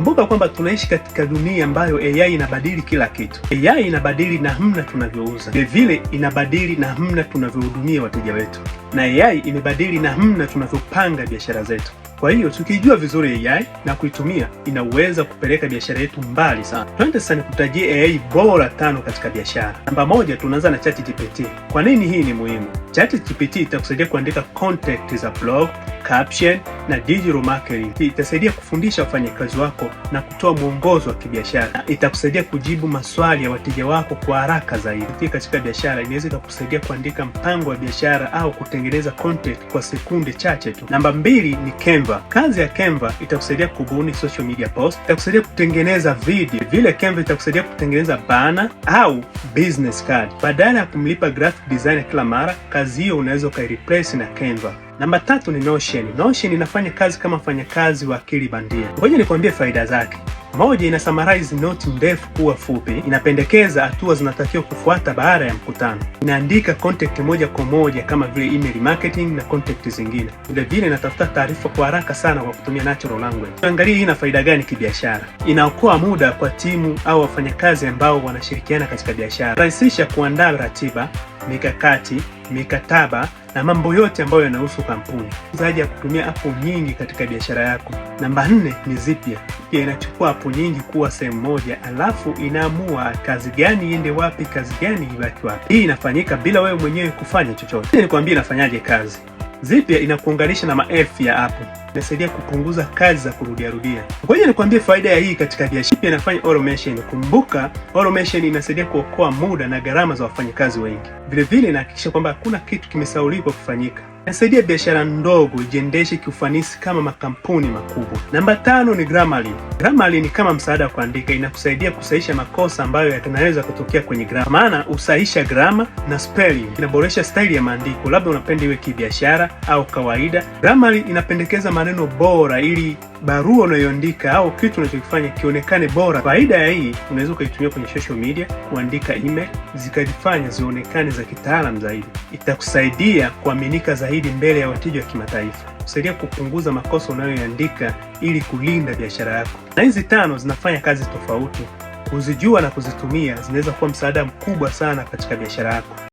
Kumbuka kwamba tunaishi katika dunia ambayo AI inabadili kila kitu. AI inabadili namna tunavyouza, vilevile inabadili namna tunavyohudumia wateja wetu, na AI imebadili namna tunavyopanga biashara zetu. Kwa hiyo tukijua vizuri AI na kuitumia, inaweza kupeleka biashara yetu mbali sana. Twende sasa nikutajie AI bora tano katika biashara. Namba moja, tunaanza na ChatGPT. Kwa nini hii ni muhimu? ChatGPT itakusaidia kuandika content za blog caption na digital marketing. Itasaidia kufundisha wafanyakazi wako na kutoa mwongozo wa kibiashara. Itakusaidia kujibu maswali ya wateja wako kwa haraka zaidi. Katika biashara, inaweza ikakusaidia kuandika mpango wa biashara au kutengeneza content kwa sekunde chache tu. Namba mbili ni Canva. Kazi ya Canva itakusaidia kubuni social media post, itakusaidia kutengeneza video vile. Canva itakusaidia kutengeneza bana au business card. Badala ya kumlipa graphic designer kila mara, kazi hiyo unaweza ukaireplace na Canva. Namba tatu ni Notion. Notion inafanya kazi kama mfanyakazi wa akili bandia. Ngoja nikwambie faida zake. Moja, ina summarize note ndefu kuwa fupi, inapendekeza hatua zinatakiwa kufuata baada ya mkutano, inaandika contact moja kwa moja kama vile email marketing na contact zingine. Vilevile inatafuta taarifa kwa haraka sana kwa kutumia natural language. Tuangalie hii ina faida gani kibiashara. Inaokoa muda kwa timu au wafanyakazi ambao wanashirikiana katika biashara, rahisisha kuandaa ratiba mikakati, mikataba na mambo yote ambayo yanahusu kampuni. Haja ya kutumia apu nyingi katika biashara yako. Namba nne ni Zipia. Pia inachukua apu nyingi kuwa sehemu moja, alafu inaamua kazi gani iende wapi, kazi gani ibaki wapi. Hii inafanyika bila wewe mwenyewe kufanya chochote. Nikwambie inafanyaje kazi. Zipia inakuunganisha na maelfu ya apu inasaidia kupunguza kazi za kurudiarudia. Ngoja nikwambie faida ya hii katika biashara. Inafanya automation. Kumbuka, automation inasaidia kuokoa muda na gharama za wafanyakazi wengi. Vilevile inahakikisha kwamba hakuna kitu kimesauliwa kufanyika. Inasaidia biashara ndogo ijiendeshe kiufanisi kama makampuni makubwa. Namba tano ni Grammarly. Grammarly ni kama msaada wa kuandika, inakusaidia kusahisha makosa ambayo yanaweza kutokea kwenye grama, maana usahisha grama na spelling. Inaboresha staili ya maandiko, labda unapenda iwe kibiashara au kawaida. Grammarly inapendekeza maneno bora, ili barua unayoandika au kitu unachokifanya kionekane bora. Faida ya hii, unaweza ukaitumia kwenye social media, kuandika email zikajifanya zionekane za kitaalam zaidi. Itakusaidia kuaminika zaidi mbele ya wateja wa kimataifa, kusaidia kupunguza makosa unayoandika ili kulinda biashara yako. Na hizi tano zinafanya kazi tofauti, kuzijua na kuzitumia zinaweza kuwa msaada mkubwa sana katika biashara yako.